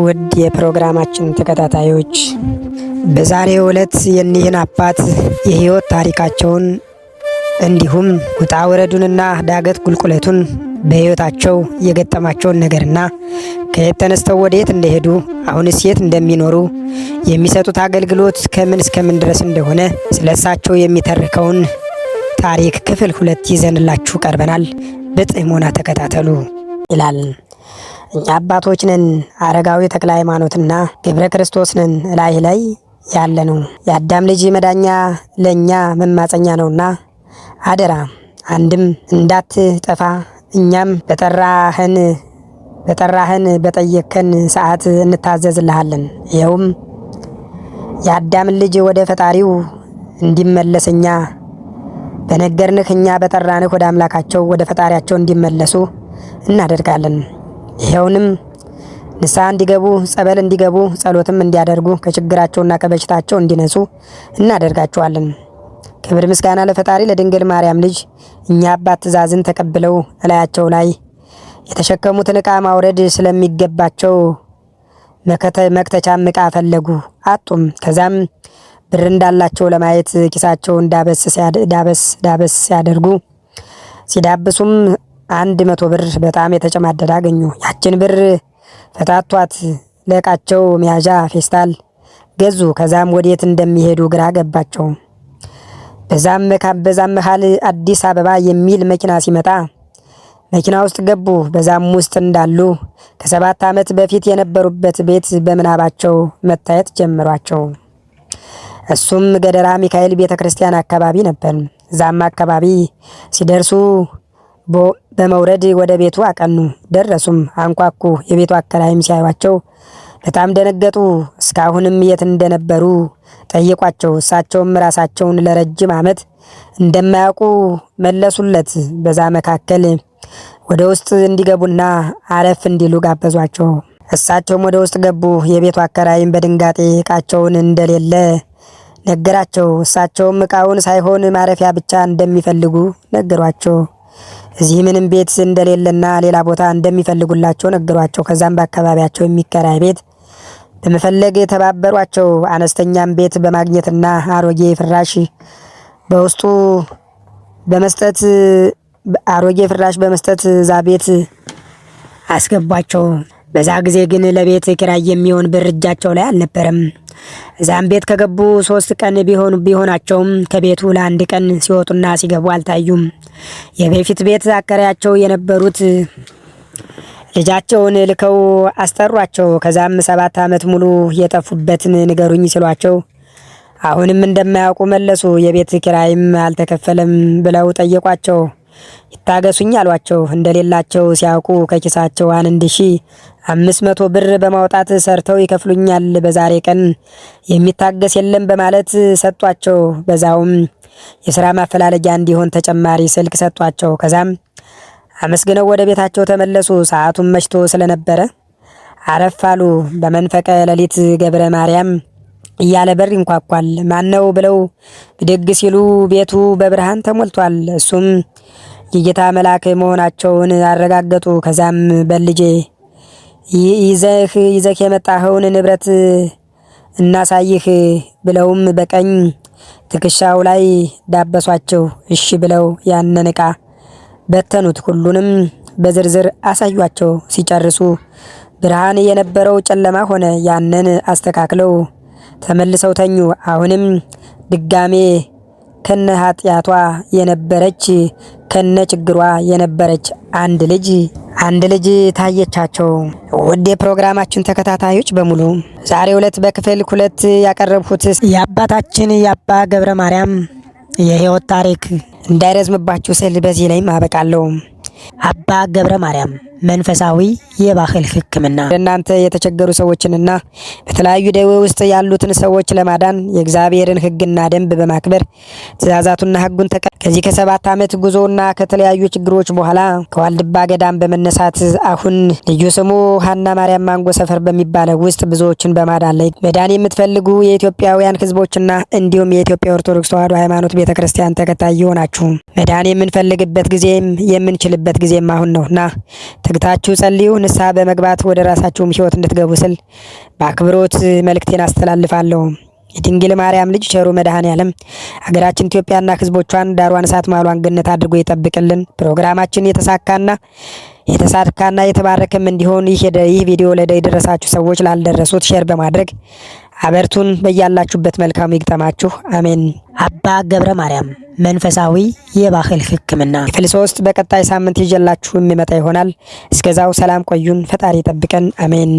ውድ የፕሮግራማችን ተከታታዮች በዛሬው ዕለት የኒህን አባት የህይወት ታሪካቸውን እንዲሁም ውጣ ውረዱንና ዳገት ቁልቁለቱን በህይወታቸው የገጠማቸውን ነገርና ከየት ተነስተው ወደ የት እንደሄዱ አሁንስ የት እንደሚኖሩ የሚሰጡት አገልግሎት ከምን እስከምን ድረስ እንደሆነ ስለ እሳቸው የሚተርከውን ታሪክ ክፍል ሁለት ይዘንላችሁ ቀርበናል። በጥሞና ተከታተሉ ይላል። እኛ አባቶች ነን አረጋዊ ተክለ ሃይማኖትና ገብረ ክርስቶስ ነን እላይ ላይ ያለ ነው። የአዳም ልጅ መዳኛ ለእኛ መማፀኛ ነውና አደራ አንድም እንዳትጠፋ እኛም በጠራህን በጠራህን በጠየከን ሰዓት እንታዘዝልሃለን። ይኸውም የአዳምን ልጅ ወደ ፈጣሪው እንዲመለስ በነገርንህ እኛ በጠራንህ ወደ አምላካቸው ወደ ፈጣሪያቸው እንዲመለሱ እናደርጋለን። ይኸውንም ንስሐ እንዲገቡ ጸበል እንዲገቡ ጸሎትም እንዲያደርጉ ከችግራቸውና ከበሽታቸው እንዲነጹ እናደርጋቸዋለን። ክብር ምስጋና ለፈጣሪ ለድንግል ማርያም ልጅ እኛ አባት ትእዛዝን ተቀብለው እላያቸው ላይ የተሸከሙትን ዕቃ ማውረድ ስለሚገባቸው መክተቻም ዕቃ ፈለጉ፣ አጡም። ከዛም ብር እንዳላቸው ለማየት ኪሳቸውን ዳበስ ዳበስ ሲያደርጉ ሲዳብሱም አንድ መቶ ብር በጣም የተጨማደደ አገኙ። ያችን ብር ፈታቷት ለቃቸው መያዣ ፌስታል ገዙ። ከዛም ወዴት እንደሚሄዱ ግራ ገባቸው። በዛም በዛም መሃል አዲስ አበባ የሚል መኪና ሲመጣ መኪና ውስጥ ገቡ። በዛም ውስጥ እንዳሉ ከሰባት ዓመት በፊት የነበሩበት ቤት በምናባቸው መታየት ጀምሯቸው። እሱም ገደራ ሚካኤል ቤተ ክርስቲያን አካባቢ ነበር። እዛም አካባቢ ሲደርሱ በመውረድ ወደ ቤቱ አቀኑ። ደረሱም፣ አንኳኩ። የቤቱ አከራይም ሲያዩቸው በጣም ደነገጡ። እስካሁንም የት እንደነበሩ ጠይቋቸው እሳቸውም ራሳቸውን ለረጅም ዓመት እንደማያውቁ መለሱለት። በዛ መካከል ወደ ውስጥ እንዲገቡና አረፍ እንዲሉ ጋበዟቸው። እሳቸውም ወደ ውስጥ ገቡ። የቤቱ አከራይም በድንጋጤ እቃቸውን እንደሌለ ነገራቸው። እሳቸውም እቃውን ሳይሆን ማረፊያ ብቻ እንደሚፈልጉ ነገሯቸው። እዚህ ምንም ቤት እንደሌለና ሌላ ቦታ እንደሚፈልጉላቸው ነገሯቸው። ከዛም በአካባቢያቸው የሚከራይ ቤት በመፈለግ የተባበሯቸው። አነስተኛም ቤት በማግኘትና አሮጌ ፍራሽ በውስጡ በመስጠት አሮጌ ፍራሽ በመስጠት እዛ ቤት አስገቧቸው። በዛ ጊዜ ግን ለቤት ኪራይ የሚሆን ብር እጃቸው ላይ አልነበረም። እዛም ቤት ከገቡ ሶስት ቀን ቢሆኑ ቢሆናቸውም ከቤቱ ለአንድ ቀን ሲወጡና ሲገቡ አልታዩም። የበፊት ቤት አከራያቸው የነበሩት ልጃቸውን ልከው አስጠሯቸው። ከዛም ሰባት ዓመት ሙሉ የጠፉበትን ንገሩኝ ሲሏቸው አሁንም እንደማያውቁ መለሱ። የቤት ኪራይም አልተከፈለም ብለው ጠየቋቸው። ይታገሱኝ አሏቸው። እንደሌላቸው ሲያውቁ ከኪሳቸው አንድ ሺ አምስት መቶ ብር በማውጣት ሰርተው ይከፍሉኛል፣ በዛሬ ቀን የሚታገስ የለም በማለት ሰጧቸው። በዛውም የስራ ማፈላለጊያ እንዲሆን ተጨማሪ ስልክ ሰጧቸው። ከዛም አመስግነው ወደ ቤታቸው ተመለሱ። ሰዓቱን መሽቶ ስለነበረ አረፋሉ በመንፈቀ ሌሊት ገብረ ማርያም እያለ በር ይንኳኳል። ማነው ብለው ብድግ ሲሉ ቤቱ በብርሃን ተሞልቷል። እሱም የጌታ መልአክ መሆናቸውን አረጋገጡ። ከዛም በልጄ ይዘህ ይዘህ የመጣኸውን ንብረት እናሳይህ ብለውም በቀኝ ትከሻው ላይ ዳበሷቸው። እሺ ብለው ያንን ዕቃ በተኑት። ሁሉንም በዝርዝር አሳዩቸው። ሲጨርሱ ብርሃን የነበረው ጨለማ ሆነ። ያንን አስተካክለው ተመልሰው ተኙ። አሁንም ድጋሜ ከነ ኃጢአቷ የነበረች ከነ ችግሯ የነበረች አንድ ልጅ አንድ ልጅ ታየቻቸው። ውድ የፕሮግራማችን ተከታታዮች በሙሉ ዛሬ ሁለት በክፍል ሁለት ያቀረብኩት የአባታችን የአባ ገብረ ማርያም የህይወት ታሪክ እንዳይረዝምባችሁ ስል በዚህ ላይም አበቃለሁ። አባ ገብረ ማርያም መንፈሳዊ የባህል ሕክምና እናንተ የተቸገሩ ሰዎችንና በተለያዩ ደዌ ውስጥ ያሉትን ሰዎች ለማዳን የእግዚአብሔርን ሕግና ደንብ በማክበር ትእዛዛቱና ሕጉን ተቀ ከዚህ ከሰባት ዓመት ጉዞና ከተለያዩ ችግሮች በኋላ ከዋልድባ ገዳም በመነሳት አሁን ልዩ ስሙ ሀና ማርያም ማንጎ ሰፈር በሚባለው ውስጥ ብዙዎችን በማዳን ላይ መዳን የምትፈልጉ የኢትዮጵያውያን ሕዝቦችና እንዲሁም የኢትዮጵያ ኦርቶዶክስ ተዋሕዶ ሃይማኖት ቤተ ክርስቲያን ተከታይ የሆናችሁ መዳን የምንፈልግበት ጊዜም የምንችልበት ጊዜም አሁን ነውና ትግታችሁ ጸልዩ፣ ንስሐ በመግባት ወደ ራሳችሁም ሕይወት እንድትገቡ ስል በአክብሮት መልእክቴን አስተላልፋለሁ። የድንግል ማርያም ልጅ ቸሩ መድኃኔ ዓለም አገራችን ኢትዮጵያና ሕዝቦቿን ዳሯን እሳት ማሏን ገነት አድርጎ ይጠብቅልን። ፕሮግራማችን የተሳካና የተሳካና የተባረከም እንዲሆን ይህ ቪዲዮ ለደረሳችሁ ሰዎች ላልደረሱት ሼር በማድረግ አበርቱን። በያላችሁበት መልካም ይግጠማችሁ። አሜን። አባ ገብረ ማርያም መንፈሳዊ የባህል ሕክምና ክፍል ሶስት በቀጣይ ሳምንት ይዤላችሁ የሚመጣ ይሆናል። እስከዛው ሰላም ቆዩን። ፈጣሪ ጠብቀን። አሜን።